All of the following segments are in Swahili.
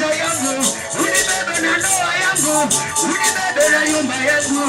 maisha yangu, unibebe na ndoa yangu, unibebe na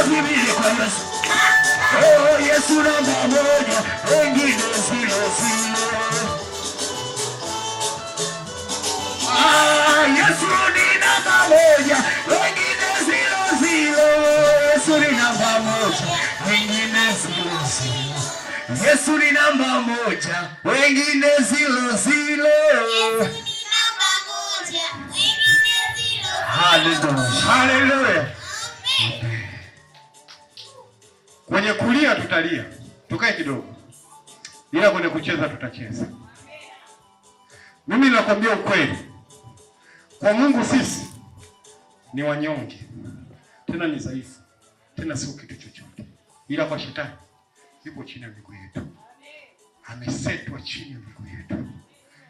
Tusimamishe kwa Yesu. Oh, Yesu namba moja, wengine sio sio. Yesu ni namba moja, wengine sio sio. Yesu ni namba moja, wengine sio sio. Yesu ni namba moja, wengine sio sio. Hallelujah. Hallelujah. Tukilia tutalia, tukae kidogo, ila kwenye kucheza tutacheza. Mimi nakwambia ukweli, kwa Mungu sisi ni wanyonge, tena ni dhaifu, tena sio kitu chochote, ila kwa shetani yupo chini ya miguu yetu, amesetwa chini ya miguu yetu,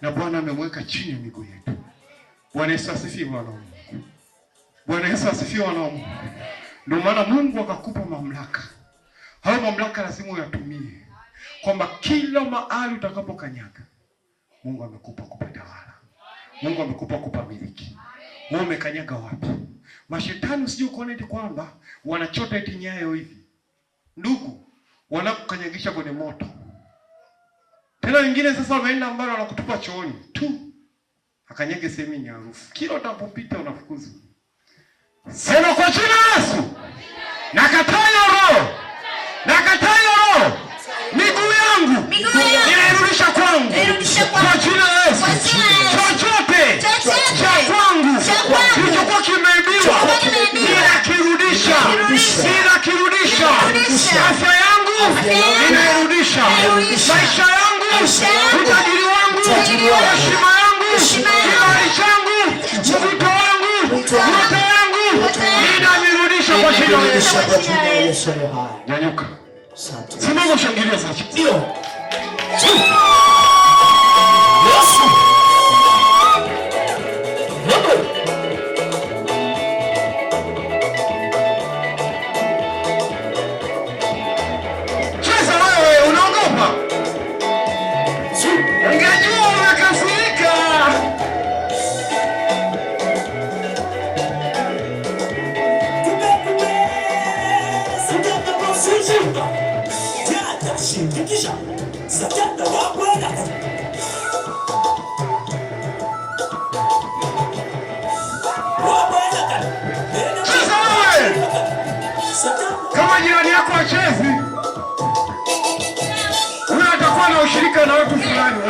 na Bwana amemweka chini ya miguu yetu. Bwana Yesu asifiwe, wana wa Mungu. Bwana Yesu asifiwe, wana wa Mungu. Ndio maana Mungu akakupa mamlaka Hayo mamlaka lazima uyatumie, kwamba kila mahali utakapokanyaga Mungu amekupa kupatawala, Mungu amekupa kupamiliki. Wewe umekanyaga wapi? Mashetani usije ukaona eti kwamba wanachota eti nyayo hivi, ndugu, wanakukanyagisha kwenye moto. Tena wengine sasa wameenda mbali, wanakutupa chooni tu, akanyage sehemu yenye harufu, kila utapopita unafukuzwa. Sema kwa jina la Yesu, nakata maisha, maisha yangu, utajiri wangu, heshima yangu, kibali changu, mvuto wangu, yote yangu ninamirudisha kwa jina la Yesu. Nyanyuka, simama, shangilia sasa. atashinda, yeye atashindikisha sadaka ya Kama jirani yako achezi, huyo atakuwa na ushirika na watu fulani.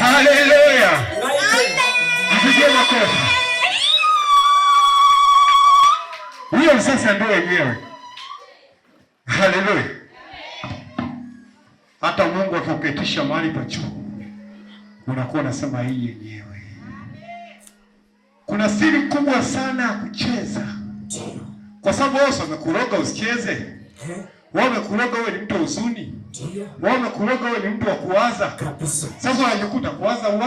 Haleluya, mpigie Huyo sasa ndio wenyewe. Haleluya. Hata Mungu akuketisha mahali pa juu unakuwa unasema hii yenyewe. Kuna siri kubwa sana ya kucheza, kwa sababu wao wamekuroga usicheze, wao wamekuroga wewe ni mtu huzuni Waona kuroga wewe ni mtu wa kuwaza kabisa. Sasa unajikuta kuwaza